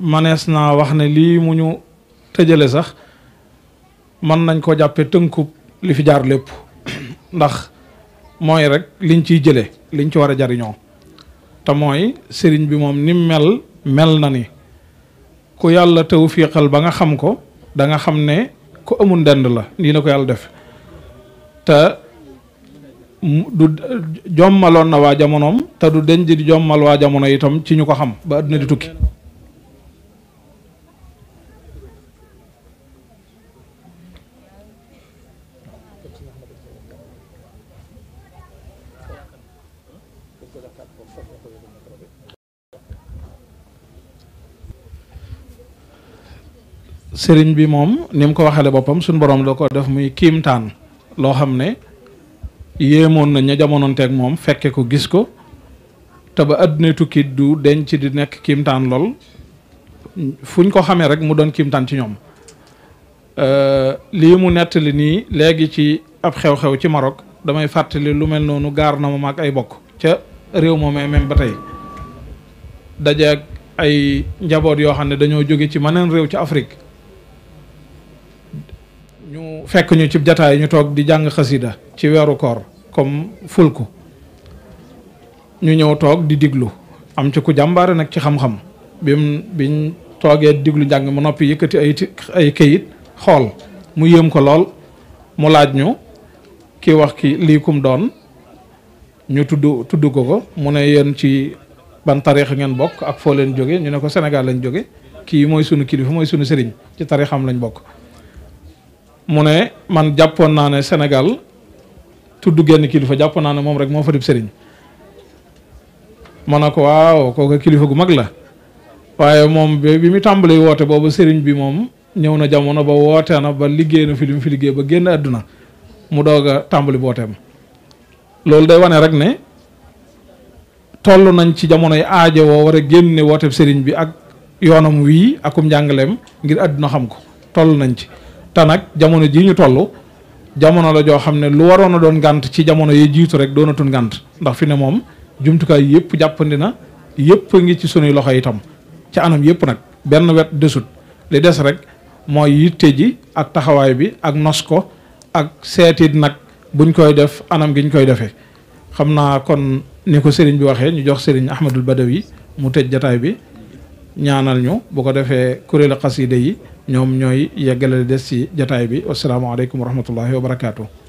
manees naa wax ne lii mu ñu tëjale sax mën nañ ko jàppe tënkub li fi jaar lépp ndax mooy rek liñ ciy jële liñ ci war a jariñoo te mooy sëriñ bi moom ni mel mel na ni ku yàlla tawfiixal ba nga xam ko da nga xam ne ku amul dend la nii na ko yàlla def te du jommaloon na waa jamonoom te du denj di jommal waa jamono itam ci ñu ko xam ba adduna di tukki sëriñ bi moom ni ko waxale boppam suñ boroom la ko def muy kiimtaan loo xam ne yéemoon na ña jamonoonteeg moom fekke ko gis ko te ba àdduna tukki du denc di nekk kiimtaan lool fuñ ko xamee rek mu doon kiimtaan ci ñoom euh, lii mu nettali nii léegi ci ab xew-xew ci Maroc damay fàttali lu mel noonu gaar na ma ak ay bokk ca réew moomee même ba tey dajeeg ay njaboot yoo xam ne dañoo jóge ci maneen réew ci Afrique ñu fekk ñu ci jataay ñu toog di jàng xasida ci weeru koor comme fulku ñu ñëw toog di diglu am ci ku jàmbaare nag ci xam-xam bim biñ toogee diglu njàng mu noppi yëkkati ay ay kayit xool mu yéem ko lool mu laaj ñu kii wax ki lii kum doon ñu tudd tudd ko ko mu ne yéen ci ban tariix ngeen bokk ak foo leen jóge ñu ne ko Sénégal lañ jóge kii mooy sunu kilifa mooy sunu sëriñ ci tariixam lañ bokk mu ne man jàppoon naa ne senegal tudd génn kilifa jàppoon naa ne moom rek moo fa dib sëriñ ma ne ko waaw kooku kilifa gu mag la waaye moom bi mu tàmbalee woote boobu sëriñ bi moom ñëw na jamono ba woote na ba liggéey na fi li mu fi liggéey ba génn àdduna mu doog a tàmbali booteem loolu day wane rek ne toll nañ ci jamonoy aajo woo war a génne woote sëriñ bi ak yoonam wii akum njàngaleem ngir àdduna xam ko toll nañ ci te nag jamono jii ñu toll jamono la joo xam ne lu waroon a doon ngànt ci jamono yi jiitu rek doonatul ngant ndax fi ne moom jumtukaay yëpp jàppandi na yëpp ngi ci sunuy loxo yitam ci anam yëpp nag benn wet desut li des rek mooy yitte ji ak taxawaay bi ak nos ko ak seetit nag buñ koy def anam gi ñu koy defee xam naa kon ni ko sëriñ bi waxee ñu jox sëriñ Ahmadul Badawi mu tëj jataay bi ñaanal ñu bu ko defee kuréelu xasida yi ñoom ñooy yeggaleel des ci jataay bi wasalaamaaleykum wa rahmatullahi wa barakaatu.